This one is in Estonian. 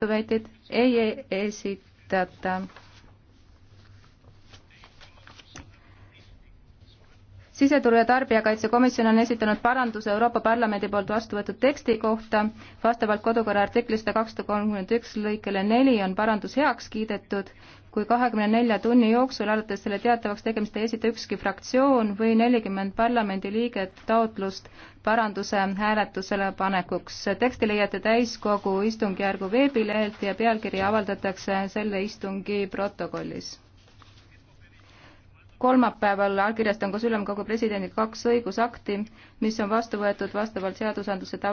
vastuväiteid ei esitata. siseturu ja Tarbijakaitsekomisjon on esitanud paranduse Euroopa Parlamendi poolt vastu võetud teksti kohta. vastavalt kodukorra artikli sada kakssada kolmkümmend üks lõikele neli on parandus heaks kiidetud, kui kahekümne nelja tunni jooksul alates selle teatavaks tegemist ei esita ükski fraktsioon või nelikümmend parlamendiliiget taotlust paranduse hääletusele panekuks. teksti leiate täiskogu istungjärgu veebilehelt ja pealkiri avaldatakse selle istungi protokollis kolmapäeval allkirjastan koos ülemkogu presidendiga kaks õigusakti, mis on vastu võetud vastavalt seadusandluse tava-